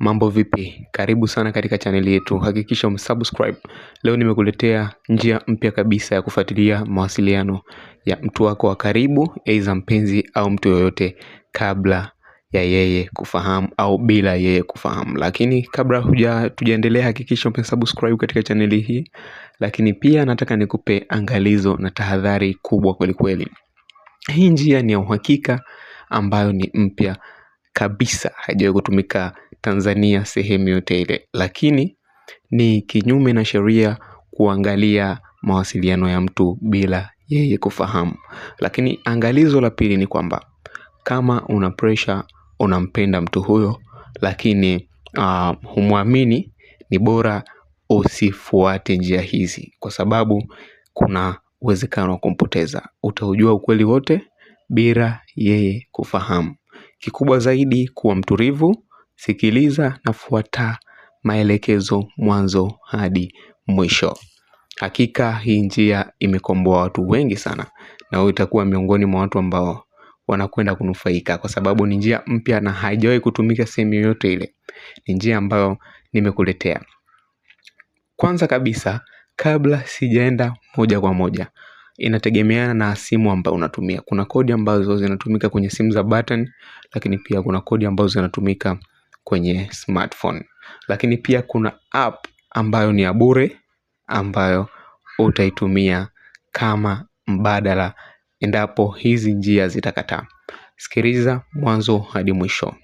Mambo vipi? Karibu sana katika chaneli yetu, hakikisha umesubscribe. Leo nimekuletea njia mpya kabisa ya kufuatilia mawasiliano ya mtu wako wa karibu, aidha mpenzi au mtu yoyote, kabla ya yeye kufahamu au bila yeye kufahamu. Lakini kabla huja tujaendelea, hakikisha umesubscribe katika chaneli hii. Lakini pia nataka nikupe angalizo na tahadhari kubwa kwelikweli. Hii njia ni ya uhakika ambayo ni mpya kabisa, haijawahi kutumika Tanzania sehemu yote ile, lakini ni kinyume na sheria kuangalia mawasiliano ya mtu bila yeye kufahamu. Lakini angalizo la pili ni kwamba kama una pressure, unampenda mtu huyo lakini uh, humwamini, ni bora usifuate njia hizi, kwa sababu kuna uwezekano wa kumpoteza. Utaujua ukweli wote bila yeye kufahamu. Kikubwa zaidi, kuwa mtulivu, Sikiliza na fuata maelekezo mwanzo hadi mwisho. Hakika hii njia imekomboa watu wengi sana na wewe utakuwa miongoni mwa watu ambao wanakwenda kunufaika kwa sababu ni njia mpya na haijawahi kutumika sehemu yoyote ile. Ni njia ambayo nimekuletea. Kwanza kabisa kabla sijaenda moja kwa moja inategemeana na simu ambayo unatumia. Kuna kodi ambazo zinatumika kwenye simu za button lakini pia kuna kodi ambazo zinatumika kwenye smartphone. Lakini pia kuna app ambayo ni ya bure ambayo utaitumia kama mbadala endapo hizi njia zitakataa. Sikiliza mwanzo hadi mwisho.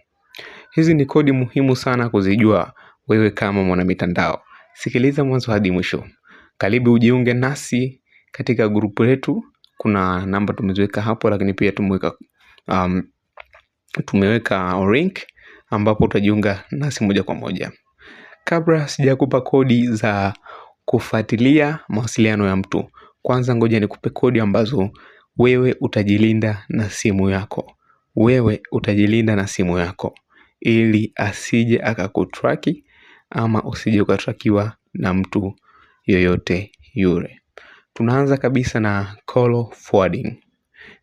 Hizi ni kodi muhimu sana kuzijua wewe kama mwanamitandao. Sikiliza mwanzo hadi mwisho. Karibu ujiunge nasi katika grupu letu. Kuna namba tumeziweka hapo, lakini pia tumeweka um, tumeweka link ambapo utajiunga nasi moja kwa moja. Kabla sijakupa kodi za kufuatilia mawasiliano ya mtu, kwanza ngoja nikupe kodi ambazo wewe utajilinda na simu yako. Wewe utajilinda na simu yako ili asije akakutraki ama usije ukatrakiwa na mtu yoyote yule. Tunaanza kabisa na call forwarding,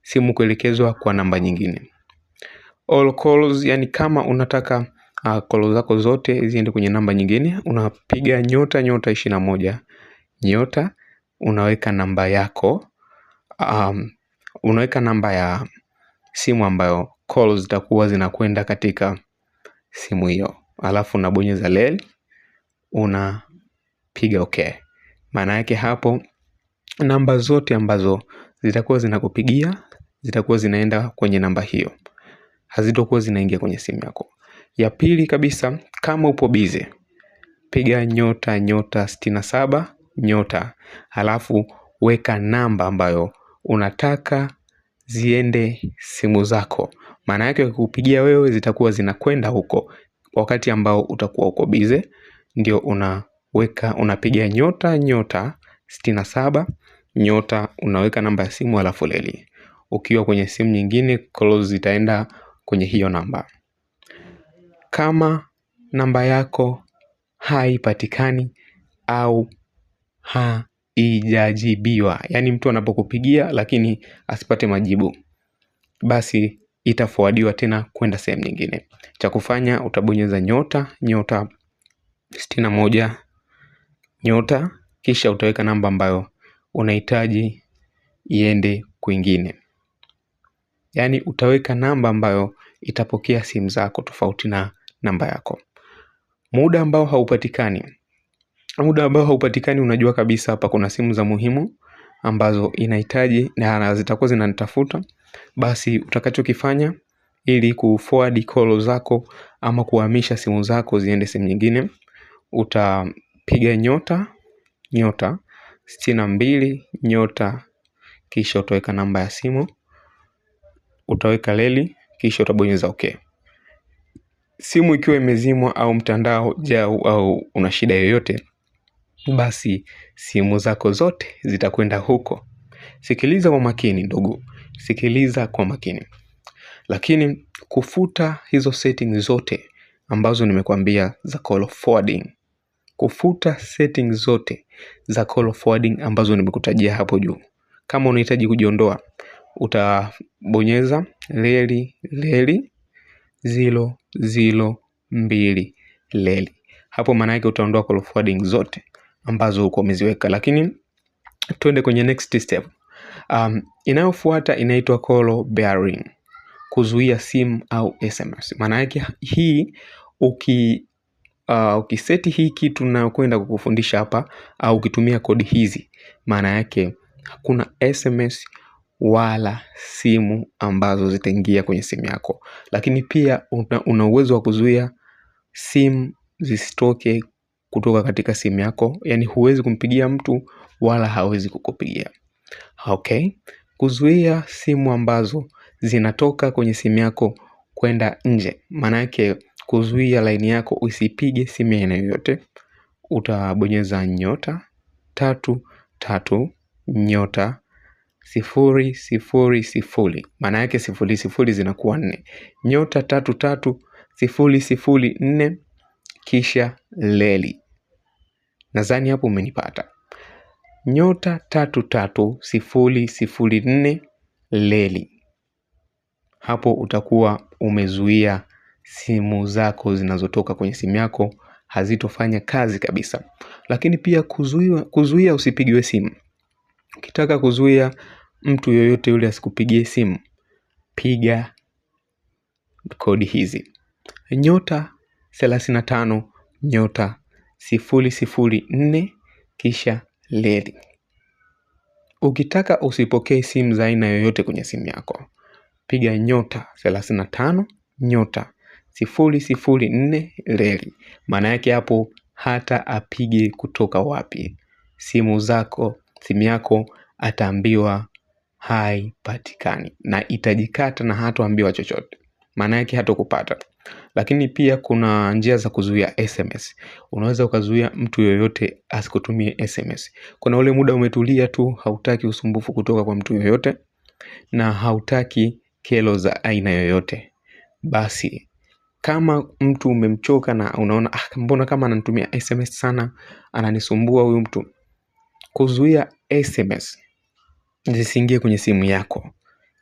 simu kuelekezwa kwa namba nyingine all calls yani kama unataka uh, call zako zote ziende kwenye namba nyingine unapiga nyota nyota ishirini na moja nyota unaweka namba yako um, unaweka namba ya simu ambayo calls zitakuwa zinakwenda katika simu hiyo, alafu unabonyeza leli, unapiga okay. Maana yake hapo namba zote ambazo zitakuwa zinakupigia zitakuwa zinaenda kwenye namba hiyo hazitokuwa zinaingia kwenye simu yako. Ya pili kabisa, kama upo bize, piga nyota nyota sitini na saba nyota, halafu weka namba ambayo unataka ziende simu zako. Maana yake kukupigia wewe zitakuwa zinakwenda huko, wakati ambao utakuwa uko bize, ndio unaweka unapiga nyota nyota sitini na saba nyota, unaweka namba ya simu halafu leli. Ukiwa kwenye simu nyingine close itaenda kwenye hiyo namba. Kama namba yako haipatikani au haijajibiwa, yaani mtu anapokupigia lakini asipate majibu, basi itafuadiwa tena kwenda sehemu nyingine. Cha kufanya utabonyeza nyota nyota sitini na moja nyota, kisha utaweka namba ambayo unahitaji iende kwingine. Yaani utaweka namba ambayo itapokea simu zako tofauti na namba yako. Muda ambao haupatikani. Muda ambao haupatikani unajua kabisa hapa kuna simu za muhimu ambazo inahitaji na zitakuwa zinanitafuta. Basi utakachokifanya ili kuforward call zako ama kuhamisha simu zako ziende sehemu nyingine. Utapiga nyota, nyota, sitini na mbili, nyota, kisha utaweka namba ya simu utaweka leli kisha utabonyeza okay. Simu ikiwa imezimwa au mtandao jau au una shida yoyote, basi simu zako zote zitakwenda huko. Sikiliza kwa makini ndugu, sikiliza kwa makini. Lakini kufuta hizo setting zote ambazo nimekwambia za call forwarding, kufuta setting zote za call forwarding ambazo nimekutajia hapo juu. Kama unahitaji kujiondoa, utabonyeza leli leli zilo zilo mbili leli. Hapo maana yake utaondoa call forwarding zote ambazo uko umeziweka, lakini twende kwenye next step. Um, inayofuata inaitwa call bearing, kuzuia simu au SMS. Maana yake hii uki uh, ukiseti hii kitu nayokwenda kukufundisha hapa au ukitumia kodi hizi, maana yake hakuna SMS wala simu ambazo zitaingia kwenye simu yako, lakini pia una uwezo wa kuzuia simu zisitoke kutoka katika simu yako, yaani huwezi kumpigia mtu wala hawezi kukupigia. Okay, kuzuia simu ambazo zinatoka kwenye simu yako kwenda nje, maana yake kuzuia laini yako usipige simu ya aina yoyote. Utabonyeza nyota tatu tatu nyota sifuri sifuri sifuri, maana yake sifuri sifuri zinakuwa nne, nyota tatu tatu sifuri sifuri nne kisha leli. Nadhani hapo umenipata. Nyota tatu tatu sifuri sifuri nne leli, hapo utakuwa umezuia simu zako zinazotoka kwenye simu yako hazitofanya kazi kabisa. Lakini pia kuzuia, kuzuia usipigiwe simu. Ukitaka kuzuia mtu yoyote yule asikupigie simu, piga kodi hizi nyota 35 nyota 004 kisha leli. Ukitaka usipokee simu za aina yoyote kwenye simu yako, piga nyota 35 nyota 004 leli. Maana yake hapo hata apige kutoka wapi simu zako simu yako ataambiwa haipatikani na itajikata na hatuambiwa chochote maana yake hatokupata lakini pia kuna njia za kuzuia sms unaweza ukazuia mtu yoyote asikutumie sms kuna ule muda umetulia tu hautaki usumbufu kutoka kwa mtu yoyote na hautaki kelo za aina yoyote basi kama mtu umemchoka na unaona ah, mbona kama ananitumia sms sana ananisumbua huyu mtu kuzuia sms zisiingie kwenye simu yako.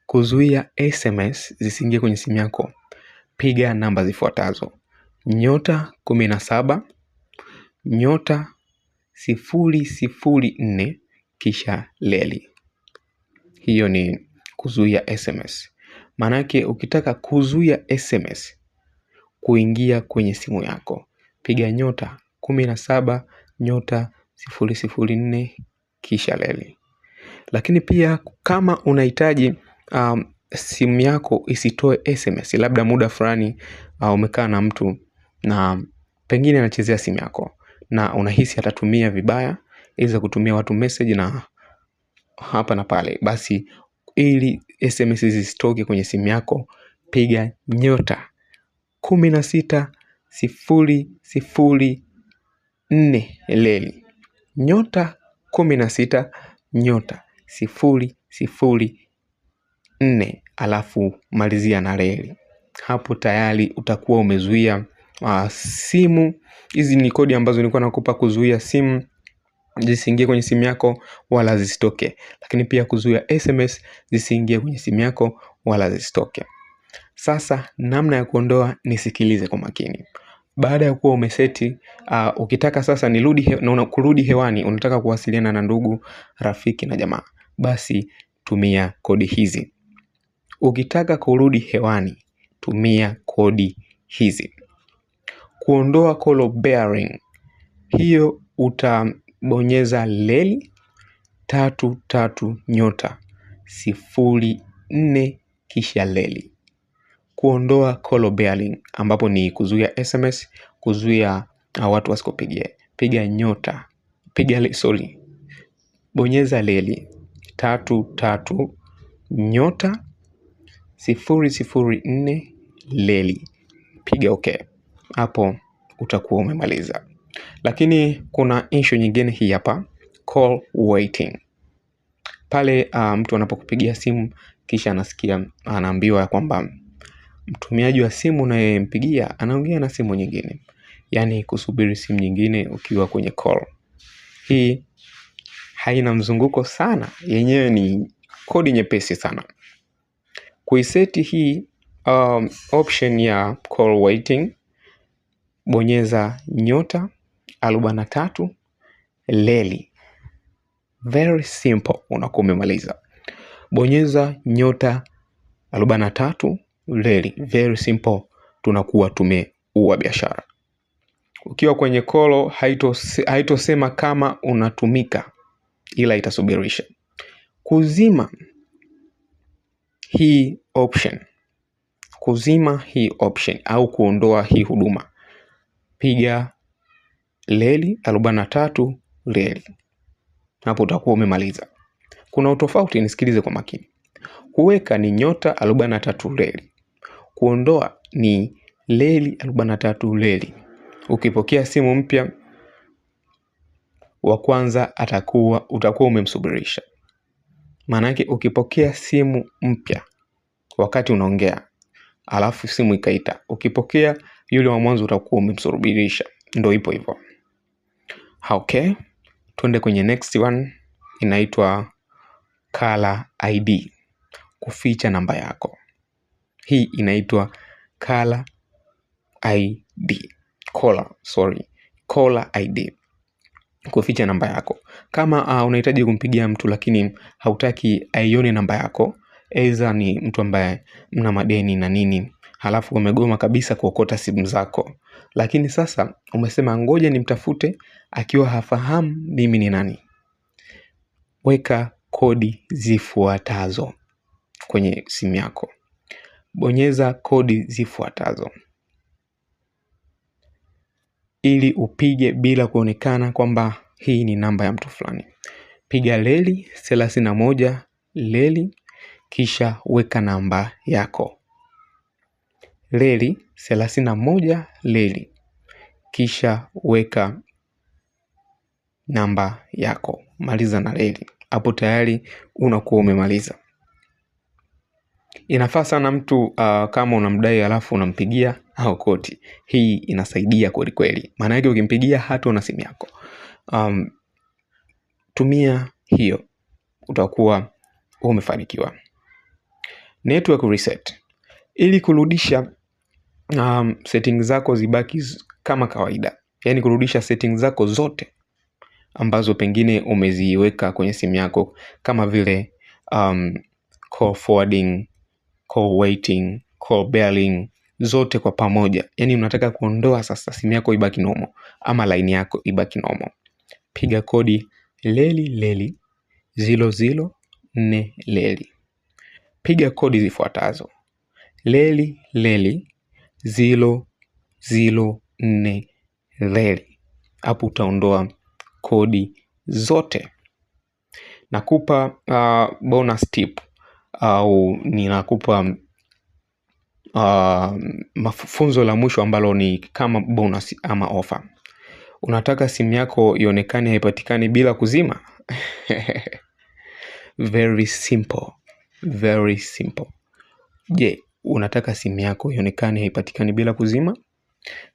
Kuzuia SMS zisiingie kwenye simu yako, piga namba zifuatazo: nyota saba nyota sifuri sifuri nne kisha leli. Hiyo ni kuzuia SMS. Maanake ukitaka kuzuia SMS kuingia kwenye simu yako, piga nyota saba nyota sifuri sifuri nne kisha leli. Lakini pia kama unahitaji um, simu yako isitoe SMS labda muda fulani uh, umekaa na mtu na pengine anachezea simu yako na unahisi atatumia vibaya, iza kutumia watu message na hapa na pale, basi ili SMS zisitoke kwenye simu yako, piga nyota kumi na sita sifuri sifuri nne leli nyota kumi na sita nyota sifuri sifuri nne alafu malizia na reli. Hapo tayari utakuwa umezuia uh, simu. Hizi ni kodi ambazo nilikuwa nakupa kuzuia simu zisiingie kwenye simu yako wala zisitoke, lakini pia kuzuia SMS zisiingie kwenye simu yako wala zisitoke. Sasa namna ya kuondoa, nisikilize kwa makini. Baada ya kuwa umeseti uh, ukitaka sasa nirudi he, kurudi hewani, unataka kuwasiliana na ndugu, rafiki na jamaa, basi tumia kodi hizi. Ukitaka kurudi hewani, tumia kodi hizi. Kuondoa kolo bearing, hiyo utabonyeza leli tatu tatu nyota sifuri nne kisha leli. Kuondoa kolo bearing, ambapo ni kuzuia SMS, kuzuia ah, watu wasikopiga piga nyota piga le, sorry bonyeza leli tatu tatu nyota sifuri sifuri nne leli, piga ok Hapo utakuwa umemaliza, lakini kuna ishu nyingine hii hapa, call waiting pale uh, mtu anapokupigia simu kisha anasikia anaambiwa kwamba mtumiaji wa simu unayempigia anaongea na simu nyingine, yaani kusubiri simu nyingine ukiwa kwenye call. Hii haina mzunguko sana, yenyewe ni kodi nyepesi sana. Kuiseti hii um, option ya call waiting, bonyeza nyota arobaini na tatu leli. Very simple, unakuwa umemaliza. Bonyeza nyota arobaini na tatu leli. Very simple, tunakuwa tumeua biashara. Ukiwa kwenye kolo haitosema haito kama unatumika ila itasubirisha. Kuzima hii option, kuzima hii option au kuondoa hii huduma, piga leli arobaini na tatu leli, hapo utakuwa umemaliza. Kuna utofauti, nisikilize kwa makini. Kuweka ni nyota arobaini na tatu leli, kuondoa ni leli arobaini tatu leli. Ukipokea simu mpya wa kwanza atakuwa utakuwa umemsubirisha. Maanake ukipokea simu mpya wakati unaongea alafu simu ikaita, ukipokea yule wa mwanzo utakuwa umemsubirisha. Ndo ipo hivyo. Okay, tuende kwenye next one, inaitwa Caller ID, kuficha namba yako. Hii inaitwa Caller ID. Caller, sorry. Caller ID kuficha namba yako. Kama uh, unahitaji kumpigia mtu lakini hautaki aione namba yako, aidha ni mtu ambaye mna madeni na nini, halafu umegoma kabisa kuokota simu zako, lakini sasa umesema ngoja nimtafute akiwa hafahamu mimi ni nani. Weka kodi zifuatazo kwenye simu yako, bonyeza kodi zifuatazo ili upige bila kuonekana kwamba hii ni namba ya mtu fulani. Piga leli thelathini na moja leli kisha weka namba yako. Leli thelathini na moja leli kisha weka namba yako. Maliza na leli. Hapo tayari unakuwa umemaliza. Inafaa sana mtu uh, kama unamdai alafu unampigia au koti. Hii inasaidia kweli kweli. Maana yake ukimpigia hata na simu yako. Um, tumia hiyo utakuwa umefanikiwa. Network reset ili kurudisha um, setting zako zibaki kama kawaida, yaani kurudisha setting zako zote ambazo pengine umeziweka kwenye simu yako kama vile um, call forwarding call waiting, call bearing, zote kwa pamoja. yani unataka kuondoa sasa simu yako ibaki nomo ama laini yako ibaki nomo. Piga kodi leli leli zilo zilo nne leli. Piga kodi zifuatazo leli leli zilo zilo nne leli. Hapo utaondoa kodi zote. Nakupa uh, bonus tip au ninakupa ah, mafunzo la mwisho ambalo ni kama bonus ama offer. Unataka simu yako ionekane haipatikani bila kuzima? Very simple, very simple. Je, unataka simu yako ionekane haipatikani bila kuzima?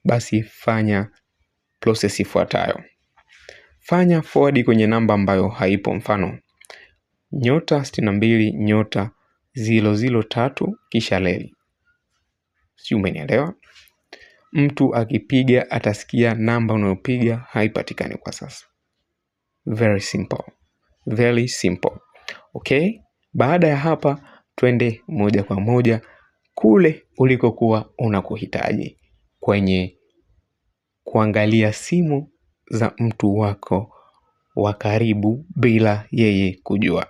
Basi fanya process ifuatayo. Fanya forward kwenye namba ambayo haipo, mfano nyota sitini na mbili nyota zilo zilo tatu kisha leli. Sijui umenielewa. Mtu akipiga atasikia namba unayopiga haipatikani kwa sasa. Very simple, very simple. Okay, baada ya hapa twende moja kwa moja kule ulikokuwa unakuhitaji kwenye kuangalia simu za mtu wako wa karibu bila yeye kujua.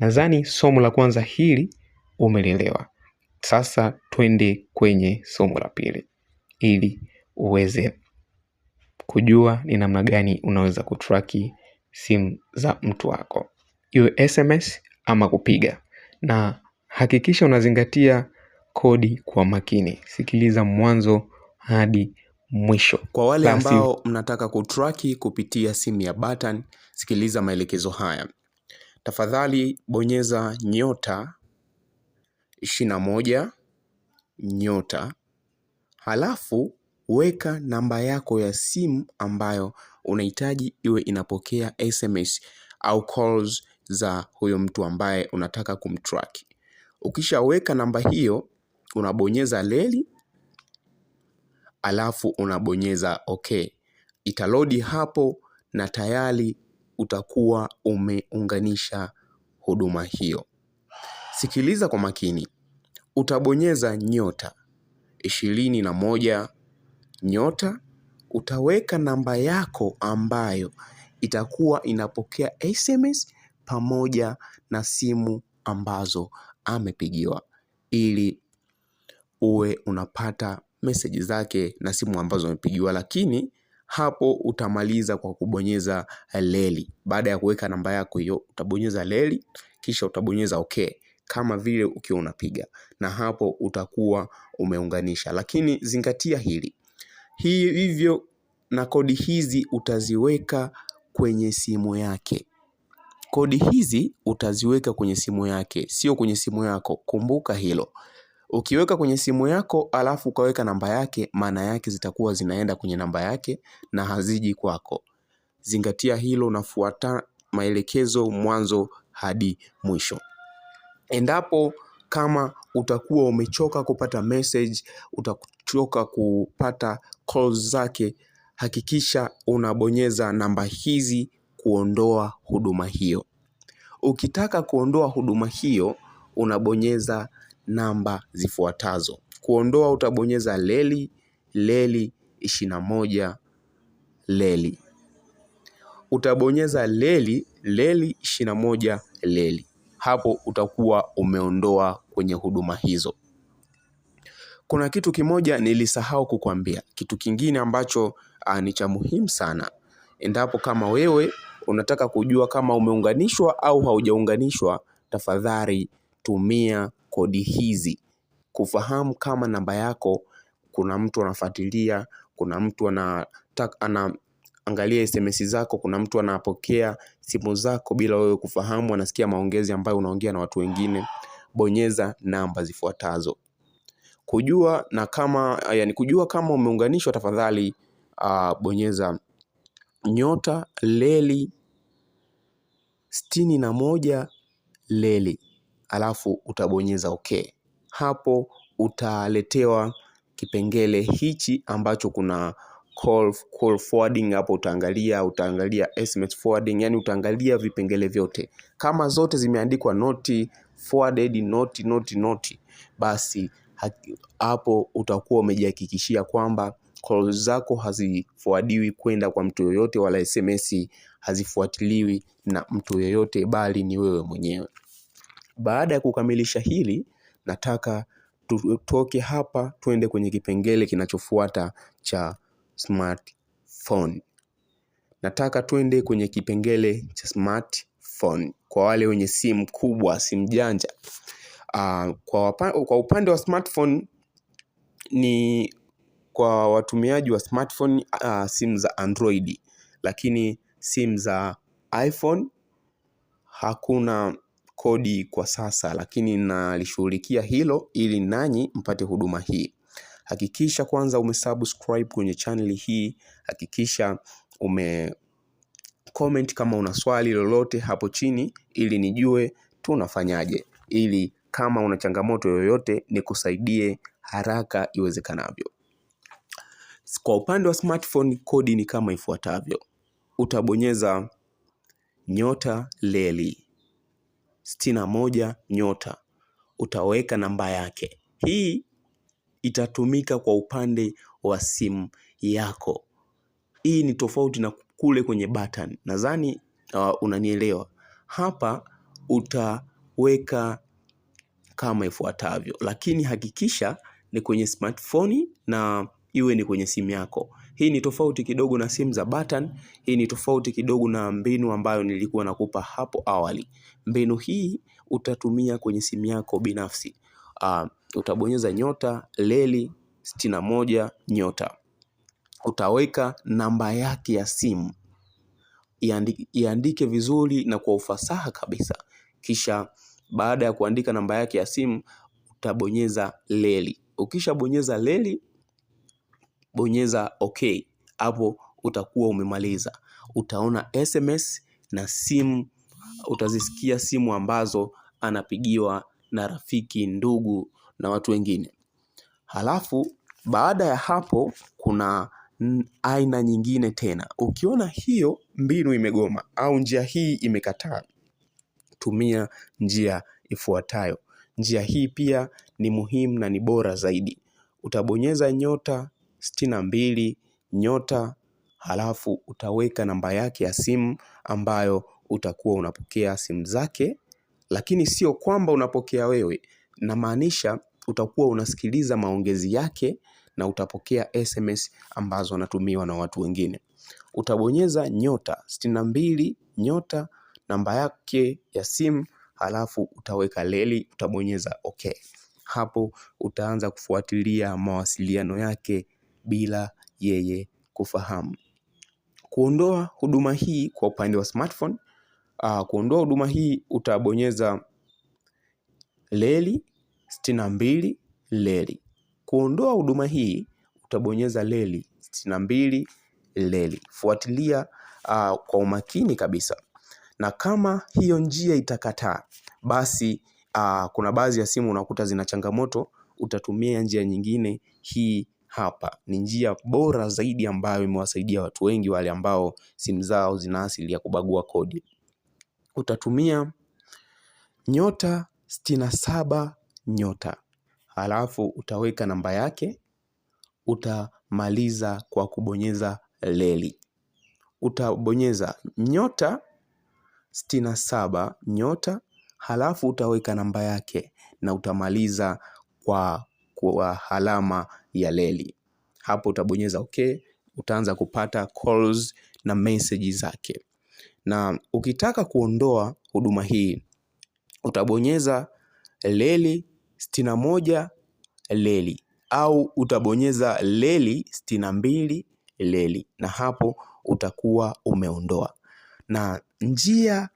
Nadhani somo la kwanza hili umelielewa. Sasa twende kwenye somo la pili ili uweze kujua ni namna gani unaweza kutraki simu za mtu wako, iwe SMS ama kupiga, na hakikisha unazingatia kodi kwa makini. Sikiliza mwanzo hadi mwisho. Kwa wale ambao mnataka kutraki kupitia simu ya button, sikiliza maelekezo haya tafadhali bonyeza nyota ishirini na moja nyota, halafu weka namba yako ya simu ambayo unahitaji iwe inapokea SMS au calls za huyo mtu ambaye unataka kumtrack. Ukishaweka namba hiyo, unabonyeza leli, alafu unabonyeza okay. Italodi hapo na tayari utakuwa umeunganisha huduma hiyo. Sikiliza kwa makini, utabonyeza nyota ishirini na moja nyota, utaweka namba yako ambayo itakuwa inapokea SMS pamoja na simu ambazo amepigiwa ili uwe unapata meseji zake na simu ambazo amepigiwa, lakini hapo utamaliza kwa kubonyeza eh, leli. Baada ya kuweka namba yako hiyo, utabonyeza leli kisha utabonyeza okay kama vile ukiwa unapiga, na hapo utakuwa umeunganisha. Lakini zingatia hili hii, hivyo na kodi hizi utaziweka kwenye simu yake. Kodi hizi utaziweka kwenye simu yake, sio kwenye simu yako. Kumbuka hilo. Ukiweka kwenye simu yako alafu ukaweka namba yake, maana yake zitakuwa zinaenda kwenye namba yake na haziji kwako. Zingatia hilo, unafuata maelekezo mwanzo hadi mwisho. Endapo kama utakuwa umechoka kupata message, utachoka kupata calls zake, hakikisha unabonyeza namba hizi kuondoa huduma hiyo. Ukitaka kuondoa huduma hiyo unabonyeza namba zifuatazo. Kuondoa utabonyeza leli leli ishirini na moja leli, utabonyeza leli leli ishirini na moja leli. Hapo utakuwa umeondoa kwenye huduma hizo. Kuna kitu kimoja nilisahau kukwambia, kitu kingine ambacho ah, ni cha muhimu sana. Endapo kama wewe unataka kujua kama umeunganishwa au haujaunganishwa, tafadhali tumia kodi hizi kufahamu kama namba yako kuna mtu anafuatilia, kuna mtu anaangalia SMS zako, kuna mtu anapokea simu zako bila wewe kufahamu, anasikia maongezi ambayo unaongea na watu wengine. Bonyeza namba zifuatazo. Kujua na kama yani kujua kama umeunganishwa tafadhali uh, bonyeza nyota leli sitini na moja leli alafu utabonyeza OK. Hapo utaletewa kipengele hichi ambacho kuna call, call forwarding. Hapo utaangalia utaangalia SMS forwarding, yani utaangalia vipengele vyote. Kama zote zimeandikwa noti forwarded, noti noti noti, basi hapo utakuwa umejihakikishia kwamba call zako hazifuadiwi kwenda kwa mtu yoyote, wala SMS hazifuatiliwi na mtu yoyote, bali ni wewe mwenyewe. Baada ya kukamilisha hili, nataka tutoke hapa tuende kwenye kipengele kinachofuata cha smartphone. Nataka tuende kwenye kipengele cha smartphone kwa wale wenye simu kubwa, simu janja. Uh, kwa, kwa upande wa smartphone ni kwa watumiaji wa smartphone uh, simu za Android, lakini simu za iPhone hakuna kodi kwa sasa, lakini nalishughulikia hilo ili nanyi mpate huduma hii. Hakikisha kwanza umesubscribe kwenye channel hii, hakikisha ume comment kama una swali lolote hapo chini, ili nijue tunafanyaje, ili kama una changamoto yoyote nikusaidie haraka iwezekanavyo. Kwa upande wa smartphone, kodi ni kama ifuatavyo: utabonyeza nyota leli sitini moja nyota utaweka namba yake. Hii itatumika kwa upande wa simu yako. Hii ni tofauti na kule kwenye button. Nadhani uh, unanielewa. Hapa utaweka kama ifuatavyo, lakini hakikisha ni kwenye smartphone na iwe ni kwenye simu yako. Hii ni tofauti kidogo na simu za button. Hii ni tofauti kidogo na mbinu ambayo nilikuwa nakupa hapo awali. Mbinu hii utatumia kwenye simu yako binafsi. Uh, utabonyeza nyota leli sitini na moja nyota, utaweka namba yake ya simu, iandike, iandike vizuri na kwa ufasaha kabisa. Kisha baada ya kuandika namba yake ya simu utabonyeza leli. Ukishabonyeza leli bonyeza OK. Hapo utakuwa umemaliza. Utaona SMS na simu, utazisikia simu ambazo anapigiwa na rafiki, ndugu na watu wengine. Halafu baada ya hapo kuna aina nyingine tena. Ukiona hiyo mbinu imegoma au njia hii imekataa, tumia njia ifuatayo. Njia hii pia ni muhimu na ni bora zaidi. Utabonyeza nyota sitini na mbili nyota halafu utaweka namba yake ya simu ambayo utakuwa unapokea simu zake, lakini sio kwamba unapokea wewe, namaanisha utakuwa unasikiliza maongezi yake na utapokea SMS ambazo anatumiwa na watu wengine. Utabonyeza nyota sitini na mbili nyota namba yake ya simu halafu utaweka leli, utabonyeza okay. Hapo utaanza kufuatilia mawasiliano yake bila yeye kufahamu. Kuondoa huduma hii kwa upande wa smartphone, ah, kuondoa huduma hii utabonyeza leli sitini na mbili leli. Kuondoa huduma hii utabonyeza leli sitini na mbili leli. Fuatilia uh, kwa umakini kabisa. Na kama hiyo njia itakataa, basi uh, kuna baadhi ya simu unakuta zina changamoto, utatumia njia nyingine hii hapa ni njia bora zaidi ambayo imewasaidia watu wengi wale ambao simu zao zina asili ya kubagua kodi. Utatumia nyota sitini na saba nyota halafu utaweka namba yake, utamaliza kwa kubonyeza leli, utabonyeza nyota sitini na saba nyota halafu utaweka namba yake na utamaliza kwa, kwa alama ya leli. Hapo utabonyeza okay, utaanza kupata calls na messages zake. Na ukitaka kuondoa huduma hii utabonyeza leli sitini na moja leli au utabonyeza leli sitini na mbili leli, na hapo utakuwa umeondoa. Na njia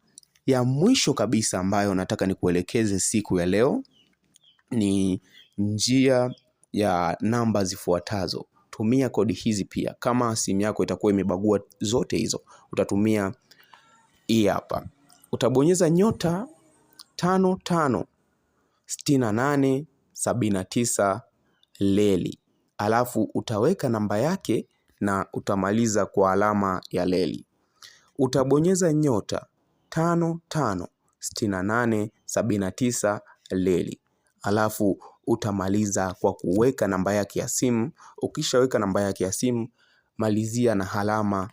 ya mwisho kabisa ambayo nataka nikuelekeze siku ya leo ni njia ya namba zifuatazo. Tumia kodi hizi pia. Kama simu yako itakuwa imebagua zote hizo, utatumia hii hapa. Utabonyeza nyota tano tano sitini na nane sabini na tisa leli, alafu utaweka namba yake na utamaliza kwa alama ya leli. Utabonyeza nyota tano tano sitini na nane sabini na tisa leli, alafu utamaliza kwa kuweka namba yake ya simu. Ukishaweka namba yake ya simu malizia na alama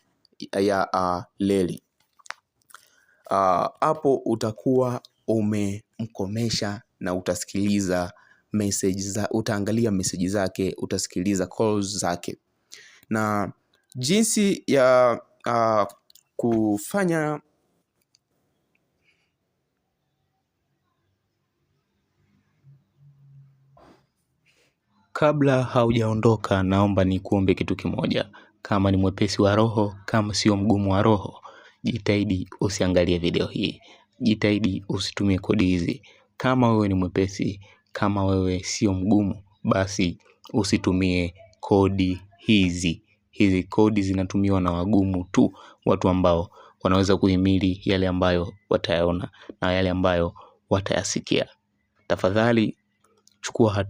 ya leli. Hapo utakuwa umemkomesha na utasikiliza message, utaangalia message zake, utasikiliza calls zake. Na jinsi ya kufanya Kabla haujaondoka, naomba ni kuombe kitu kimoja. Kama ni mwepesi wa roho, kama sio mgumu wa roho, jitahidi usiangalie video hii, jitahidi usitumie kodi hizi. Kama wewe ni mwepesi, kama wewe sio mgumu, basi usitumie kodi hizi. Hizi kodi zinatumiwa na wagumu tu, watu ambao wanaweza kuhimili yale ambayo watayaona na yale ambayo watayasikia. Tafadhali chukua hatua.